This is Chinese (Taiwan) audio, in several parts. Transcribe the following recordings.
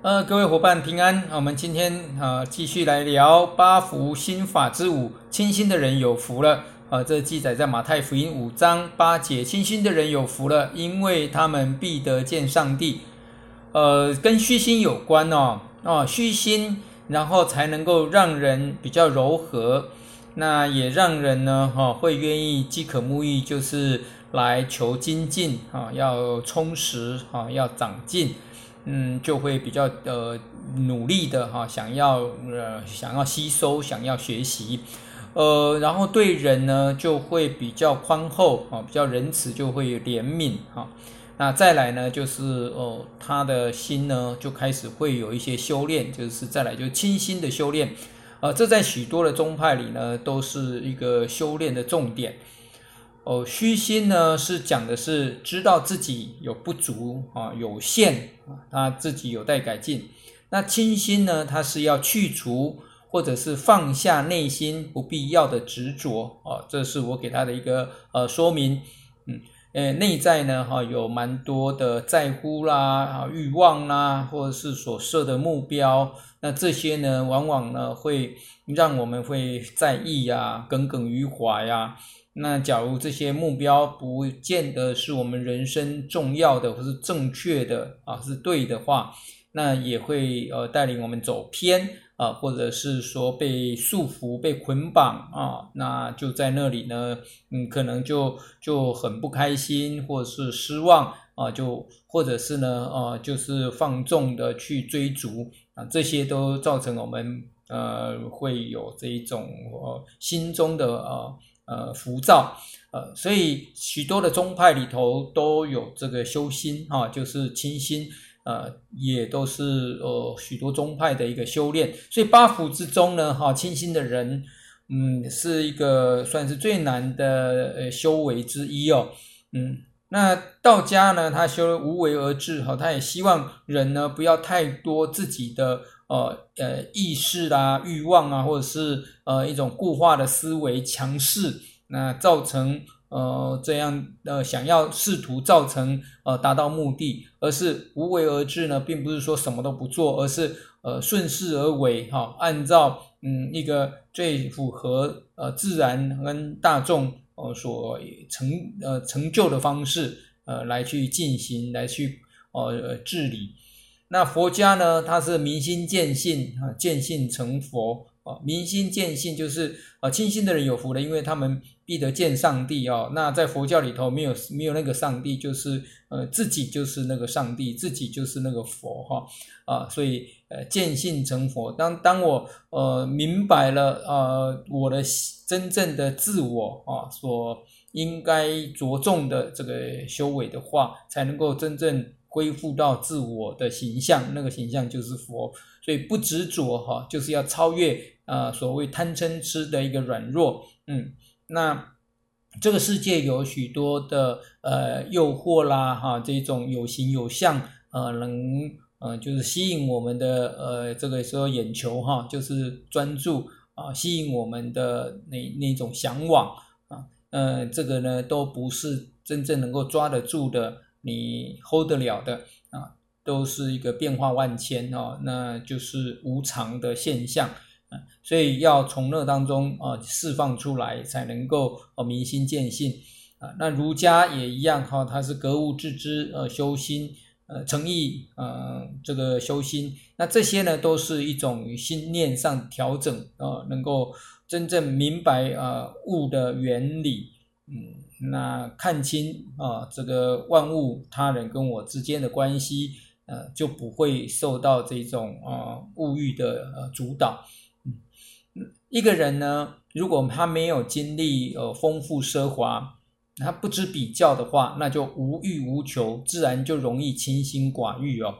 呃，各位夥伴平安，我們今天啊、呃、繼續來聊八福心法之五，清心的人有福了。啊、呃，這記載在馬太福音五章八節，清心的人有福了，因為他們必得見上帝。呃，跟虛心有關哦，哦、啊，虛心然後才能夠讓人比較柔和，那也讓人呢，哈、啊，會願意飢渴慕義，就是來求精進，哈、啊，要充實，哈、啊，要長進。嗯，就會比較呃努力的哈，想要呃想要吸收，想要學習，呃，然後對人呢就會比較寬厚啊，比較仁慈，就會憐憫哈、啊。那再來呢，就是哦、呃，他的心呢就開始會有一些修煉，就是再來就清心的修煉啊、呃。這在許多的宗派裡呢，都是一個修煉的重點。哦，虛心呢是講的是知道自己有不足啊，有限啊，他自己有待改進。那清心呢，它是要去除或者是放下內心不必要的執着啊，這是我給他的一個呃說明。嗯，誒、哎，內在呢哈、啊、有蠻多的在乎啦啊，慾望啦，或者是所設的目標，那這些呢，往往呢會讓我們會在意呀、啊，耿耿於懷呀、啊。那假如這些目標不見得是我們人生重要的或是正確的啊，是對的話，那也會呃帶領我們走偏啊，或者是說被束縛、被捆綁啊，那就在那裡呢，嗯，可能就就很不開心，或者是失望啊，就或者是呢，啊、呃，就是放縱的去追逐啊，這些都造成我們呃會有這一種呃心中的呃。呃，浮躁，呃，所以許多的宗派裡頭都有這個修心哈、哦，就是清心，呃，也都是呃許多宗派的一個修煉。所以八福之中呢，哈、哦，清心的人，嗯，是一個算是最難的呃修為之一哦，嗯，那道家呢，他修無為而治哈、哦，他也希望人呢不要太多自己的。呃呃，意識啊，欲望啊，或者是呃一種固化的思維強勢，那造成呃這樣的想要試圖造成呃達到目的，而是無為而治呢，並不是說什麼都不做，而是呃順勢而為哈、哦，按照嗯一個最符合呃自然跟大眾呃所成呃成就的方式呃來去進行來去呃治理。那佛家呢？他是明心見性啊，見性成佛啊。明心見性就是啊，清心的人有福的，因為他們必得見上帝啊。那在佛教裡頭沒有沒有那個上帝，就是呃自己就是那個上帝，自己就是那個佛哈啊。所以呃見性成佛。當當我呃明白了啊、呃、我的真正的自我啊，所應該着重的這個修為的話，才能夠真正。恢復到自我的形象，那個形象就是佛，所以不執着哈，就是要超越啊、呃，所謂貪嗔痴的一個軟弱，嗯，那這個世界有許多的呃誘惑啦哈、啊，這種有形有相呃能呃就是吸引我們的呃這個所有眼球哈、啊，就是專注啊，吸引我們的那那種向往啊、呃，這個呢都不是真正能夠抓得住的。你 hold 得了的啊，都是一個變化萬千哦，那就是無常的現象啊，所以要從樂當中啊釋放出來，才能夠啊明心見性啊。那儒家也一樣哈、啊，他是格物致知呃修心呃誠意呃、啊、這個修心，那這些呢都是一種心念上調整啊，能夠真正明白啊物的原理嗯。那看清啊、呃，這個萬物他人跟我之間的關係，呃，就不會受到這種啊、呃、物欲的呃主導。嗯，一個人呢，如果他沒有經歷呃豐富奢華，他不知比較的話，那就無欲無求，自然就容易清心寡欲哦。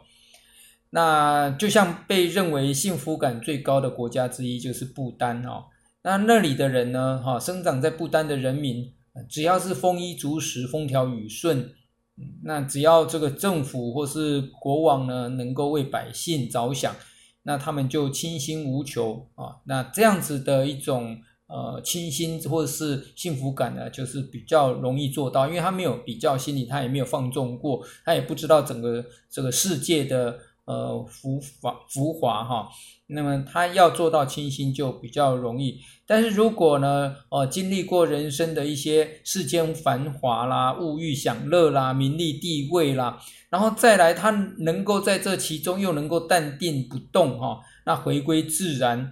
那就像被認為幸福感最高的國家之一就是不丹哦，那那裡的人呢，哈、哦，生長在不丹的人民。只要是豐衣足食、風調雨順，那只要這個政府或是國王呢，能夠為百姓着想，那他們就清心無求啊。那這樣子的一種呃清心或者是幸福感呢，就是比較容易做到，因為他沒有比較心理，他也沒有放縱過，他也不知道整個這個世界的。呃浮浮，浮華，浮華哈，那麼他要做到清心就比較容易。但是如果呢，呃經歷過人生的一些世間繁華啦、物欲享樂啦、名利地位啦，然後再來他能夠在這其中又能夠淡定不動哈、哦，那回歸自然，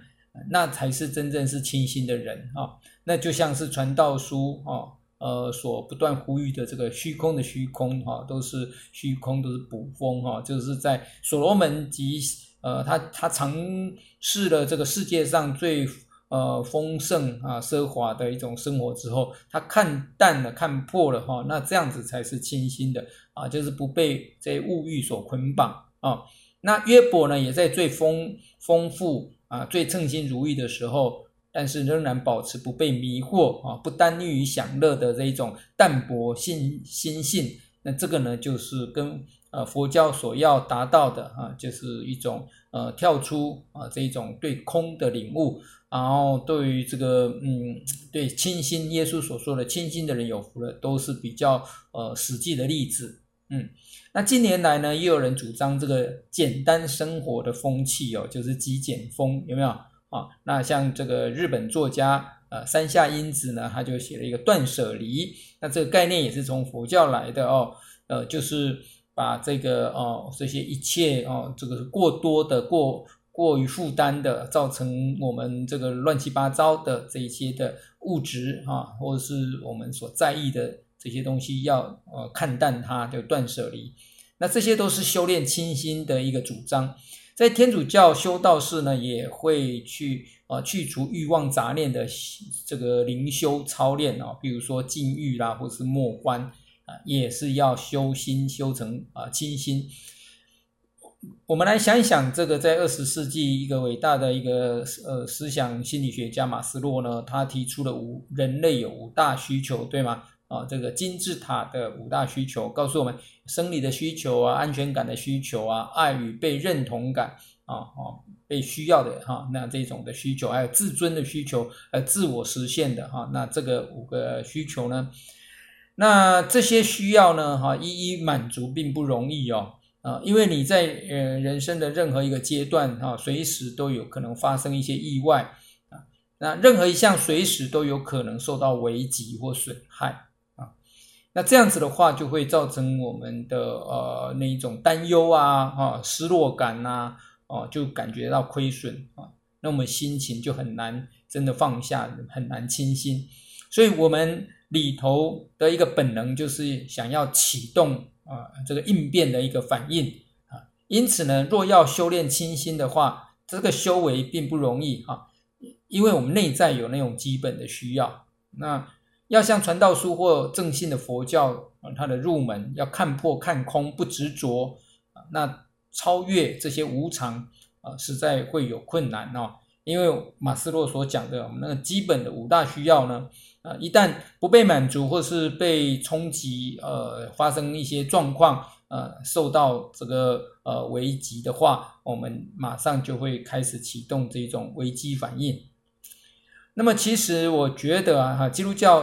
那才是真正是清心的人哈、哦，那就像是傳道書哈。哦呃，所不斷呼籲的這個虛空的虛空哈、啊，都是虛空，都是捕風哈、啊，就是在所羅門及呃，他他嘗試了這個世界上最呃豐盛啊奢華的一種生活之後，他看淡了，看破了哈、啊，那這樣子才是清心的啊，就是不被這物慾所捆綁啊。那約伯呢，也在最豐豐富啊最稱心如意的時候。但是仍然保持不被迷惑啊，不耽戀於享樂的這一種淡泊心心性，那這個呢，就是跟呃佛教所要達到的啊，就是一種呃跳出啊這一種對空的領悟，然後對於這個嗯，對清心耶穌所說的清心的人有福了，都是比較呃實際的例子。嗯，那近年來呢，也有人主張這個簡單生活的風氣哦，就是極簡風，有沒有？啊，那像這個日本作家呃山下英子呢，他就寫了一個斷捨離，那這個概念也是從佛教來的哦，呃，就是把這個哦這些一切哦這個過多的過過於負擔的，造成我們這個亂七八糟的這些的物質哈、啊，或者是我們所在意的這些東西要呃看淡它，就斷捨離，那這些都是修煉清心的一個主張。在天主教修道士呢，也會去啊、呃、去除欲望雜念的這個靈修操練啊、哦，比如說禁欲啦，或者是默觀啊、呃，也是要修心修成啊、呃、清心。我們來想一想，這個在二十世紀一個偉大的一個呃思想心理學家馬斯洛呢，他提出了五，人類有五大需求，對嗎？啊、哦，這個金字塔的五大需求告訴我們：生理的需求啊，安全感的需求啊，愛與被認同感啊，啊、哦哦，被需要的哈、哦，那這種的需求，還有自尊的需求，呃，自我實現的哈、哦，那這個五個需求呢？那這些需要呢？哈、哦，一一滿足並不容易哦，啊、哦，因為你在呃人生的任何一個階段哈、哦，隨時都有可能發生一些意外啊，那任何一項隨時都有可能受到危及或損害。那這樣子的話，就會造成我們的呃那一種擔憂啊，啊失落感吶、啊，哦、啊，就感覺到虧損啊，那我們心情就很難真的放下，很難清心。所以，我們裡頭的一個本能就是想要啟動啊這個應變的一個反應啊。因此呢，若要修煉清心的話，這個修為並不容易啊，因為我們內在有那種基本的需要。那。要像傳道書或正信的佛教啊，它的入門要看破看空，不執着啊，那超越這些無常啊、呃，實在會有困難哦。因為馬斯洛所講的我們那個基本的五大需要呢，啊、呃，一旦不被滿足或是被衝擊，呃，發生一些狀況，呃，受到這個呃危機的話，我們馬上就會開始啟動這種危機反應。那麼，其實我覺得啊，哈，基督教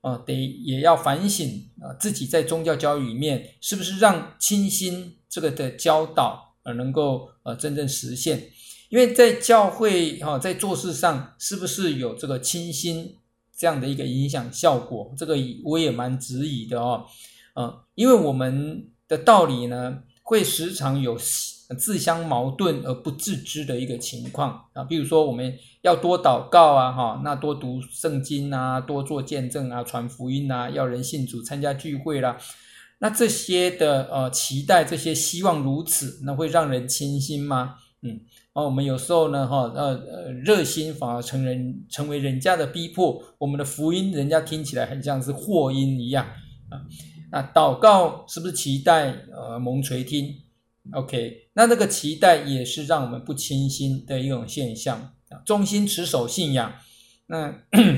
啊，啊得也要反省啊，自己在宗教教育裡面，是不是讓清心這個的教導，呃，能夠呃、啊，真正實現？因為在教會哈、啊，在做事上，是不是有這個清心這樣的一個影響效果？這個我也蠻質疑的哦，嗯、啊，因為我們的道理呢，會時常有。自相矛盾而不自知的一個情況啊，比如說我們要多禱告啊，哈、啊，那多讀聖經啊，多做見證啊，傳福音啊，要人信主、參加聚會啦。那這些的呃，期待這些希望如此，那會讓人清心嗎？嗯，啊，我們有時候呢，哈，呃呃，熱心反而成人成為人家的逼迫，我們的福音人家聽起來很像是禍音一樣啊，那禱告是不是期待呃蒙垂聽？OK，那這個期待也是讓我們不清心的一種現象。啊，忠心持守信仰，那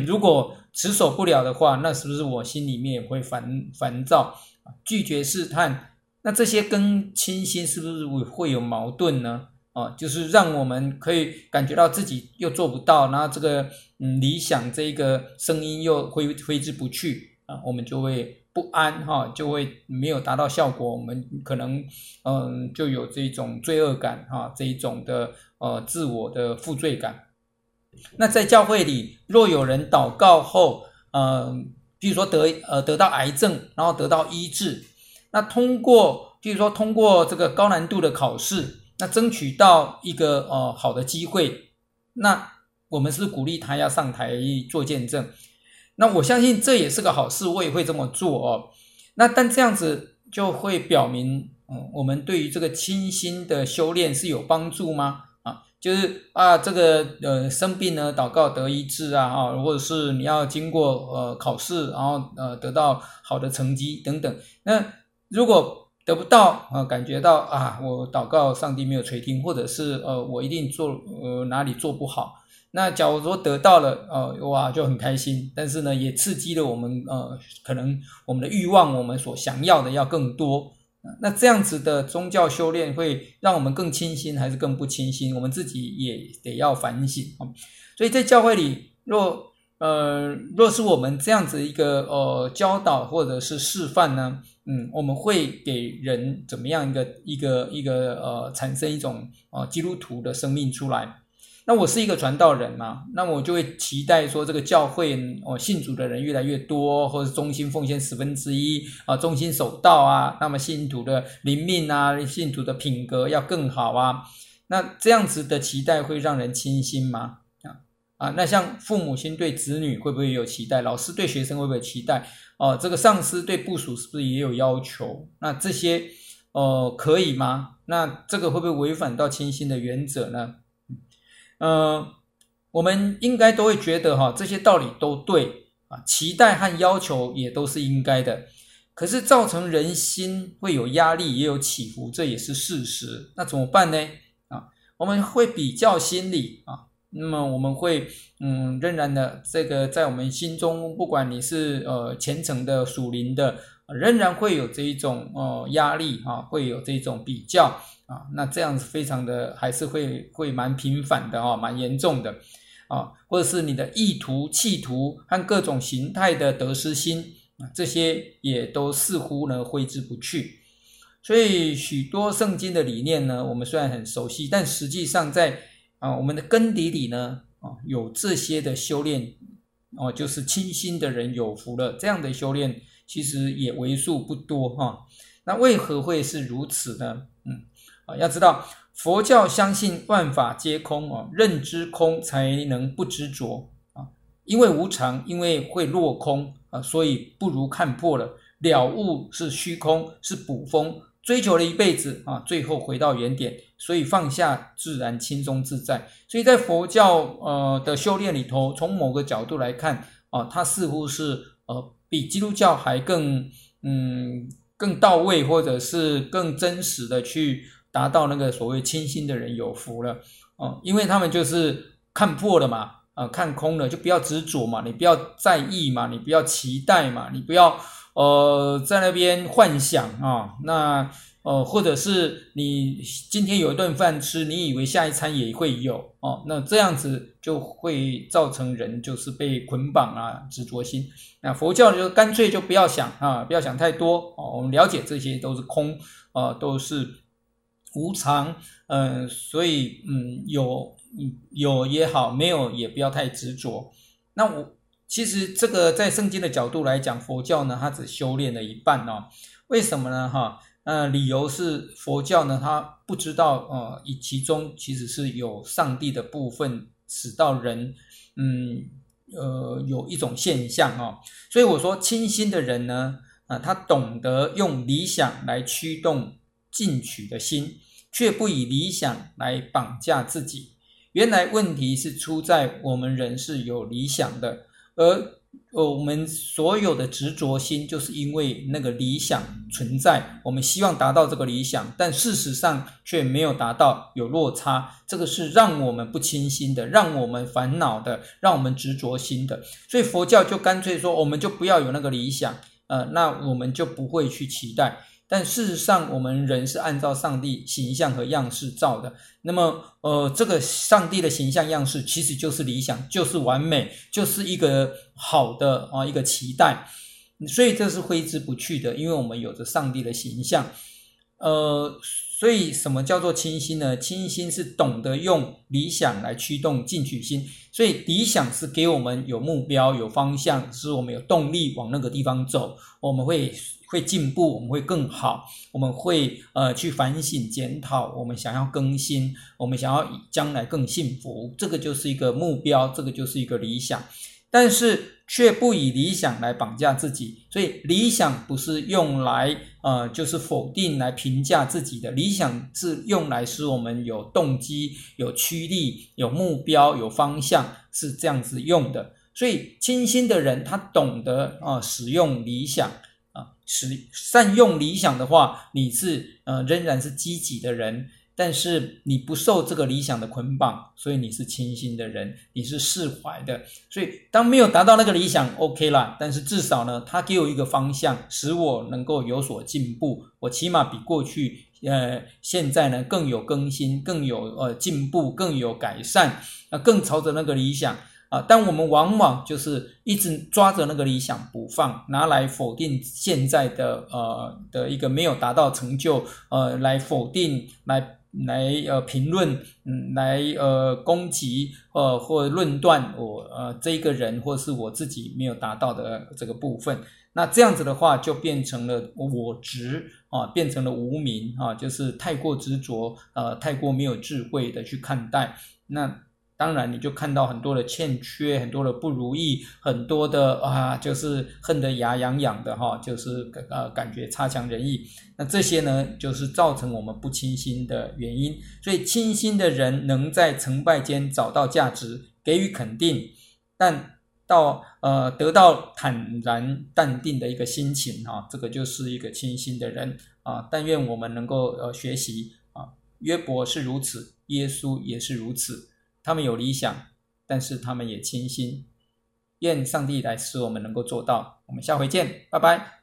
如果持守不了的話，那是不是我心裡面也會煩煩躁，拒絕試探，那這些跟清心是不是會會有矛盾呢？啊，就是讓我們可以感覺到自己又做不到，然後這個，嗯，理想這個聲音又揮揮之不去。啊，我們就會不安哈，就會沒有達到效果，我們可能嗯就有這種罪惡感哈，這一種的呃自我的負罪感。那在教會裡，若有人禱告後，嗯，比如說得呃得到癌症，然後得到醫治，那通過，比如說通過這個高難度的考試，那爭取到一個呃好的機會，那我們是，是鼓勵他要上台做見證。那我相信這也是個好事，我也會這麼做哦。那但這樣子就會表明，嗯，我們對於這個清心的修煉是有幫助嗎？啊，就是啊，這個呃生病呢，禱告得醫治啊，啊，或者是你要經過呃考試，然後呃得到好的成績等等。那如果得不到啊，呃，感覺到啊，我禱告上帝沒有垂聽，或者是呃我一定做呃哪裡做不好。那假如說得到了，呃，哇，就很開心。但是呢，也刺激了我們，呃，可能我們的慾望，我們所想要的要更多。那這樣子的宗教修煉會讓我們更清心，還是更不清心？我們自己也得要反省啊。所以在教會裡，若，呃，若是我們這樣子一個，呃，教導或者是示範呢，嗯，我們會給人怎麼樣一個，一個，一個，呃，產生一種，呃，基督徒的生命出來。那我是一個傳道人嘛、啊，那我就會期待說這個教會哦，信主的人越來越多，或者忠心奉獻十分之一啊，忠、呃、心守道啊，那麼信徒的靈命啊，信徒的品格要更好啊。那這樣子的期待會讓人清心嗎啊？啊，那像父母親對子女會不會有期待？老師對學生會不會有期待？哦、呃，這個上司對部屬是不是也有要求？那這些哦、呃、可以嗎？那這個會不會違反到清心的原則呢？嗯、呃，我們應該都會覺得哈、啊，這些道理都對啊，期待和要求也都是應該的。可是造成人心會有壓力，也有起伏，這也是事實。那怎麼辦呢？啊，我們會比較心理啊，那麼我們會嗯，仍然的這個在我們心中，不管你是呃虔誠的屬靈的。仍然會有這一種呃壓力啊，會有這種比較啊，那這樣非常的還是會會蠻頻繁的啊，蠻嚴重的啊，或者是你的意圖、企圖和各種形態的得失心啊，這些也都似乎呢揮之不去。所以許多聖經的理念呢，我們雖然很熟悉，但實際上在啊我們的根底裡呢啊有這些的修煉哦，就是清心的人有福了，這樣的修煉。其實也為數不多哈、啊，那為何會是如此呢？嗯啊，要知道佛教相信萬法皆空啊，認知空才能不執着啊，因為無常，因為會落空啊，所以不如看破了，了悟是虛空是捕風，追求了一輩子啊，最後回到原點，所以放下自然輕鬆自在。所以在佛教呃的修煉裡頭，從某個角度來看啊，它似乎是呃。比基督教還更，嗯，更到位，或者是更真實的去達到那個所謂清心的人有福了，哦，因為他們就是看破了嘛，啊，看空了，就不要執着嘛，你不要在意嘛，你不要期待嘛，你不要，呃，在那邊幻想啊，哦，那。哦、呃，或者是你今天有一頓飯吃，你以為下一餐也會有哦？那這樣子就會造成人就是被捆綁啊，執着心。那佛教就乾脆就不要想啊，不要想太多哦。我們了解這些都是空啊，都是無常。嗯、呃，所以嗯，有嗯有也好，沒有也不要太執着。那我其實這個在聖經的角度來講，佛教呢，它只修煉了一半哦。為什麼呢？哈、啊。那、呃、理由是佛教呢，他不知道，呃，以其中其實是有上帝的部分使到人，嗯、呃，有一種現象啊、哦，所以我說清新的人呢，啊、呃，他懂得用理想來驅動進取的心，卻不以理想來綁架自己。原來問題是出在我們人是有理想的，而。呃，我們所有的執着心，就是因為那個理想存在，我們希望達到這個理想，但事實上卻沒有達到，有落差，這個是讓我們不清心的，讓我們煩惱的，讓我們執着心的。所以佛教就乾脆說，我們就不要有那個理想，呃，那我們就不會去期待。但事實上，我們人是按照上帝形象和樣式造的。那麼，呃，這個上帝的形象樣式其實就是理想，就是完美，就是一個好的啊，呃，一個期待。所以這是揮之不去的，因為我們有着上帝的形象，呃。所以，什麼叫做清心呢？清心是懂得用理想來驅動進取心。所以，理想是給我們有目標、有方向，是我們有動力往那個地方走。我們會會進步，我們會更好，我們會呃去反省檢討。我們想要更新，我們想要將來更幸福。這個就是一個目標，這個就是一個理想。但是。卻不以理想來綁架自己，所以理想不是用來呃就是否定來評價自己的，理想是用來使我們有動機、有驅力、有目標、有方向，是這樣子用的。所以清心的人，他懂得啊、呃、使用理想啊、呃、使善用理想的話，你是呃仍然是積極的人。但是你不受這個理想的捆綁，所以你是清心的人，你是釋懷的。所以當沒有達到那個理想，OK 啦。但是至少呢，它給我一個方向，使我能夠有所進步。我起碼比過去呃現在呢更有更新，更有呃進步，更有改善，啊、呃，更朝着那個理想啊、呃。但我們往往就是一直抓着那個理想不放，拿來否定現在的呃的一個沒有達到成就呃，來否定來。來呃評論，嗯，來呃攻擊，呃或論斷我呃這個人，或是我自己沒有達到的這個部分，那這樣子的話，就變成了我執啊，變成了無明啊，就是太過執着，呃，太過沒有智慧的去看待那。當然，你就看到很多的欠缺，很多的不如意，很多的啊，就是恨得牙癢癢的哈，就是呃，感覺差強人意。那這些呢，就是造成我們不清心的原因。所以，清心的人能在成敗間找到價值，給予肯定，但到呃，得到坦然淡定的一個心情哈、啊，這個就是一個清心的人啊。但願我們能夠呃學習啊，約伯是如此，耶穌也是如此。他們有理想，但是他們也清心。願上帝來使我們能夠做到。我們下回見，拜拜。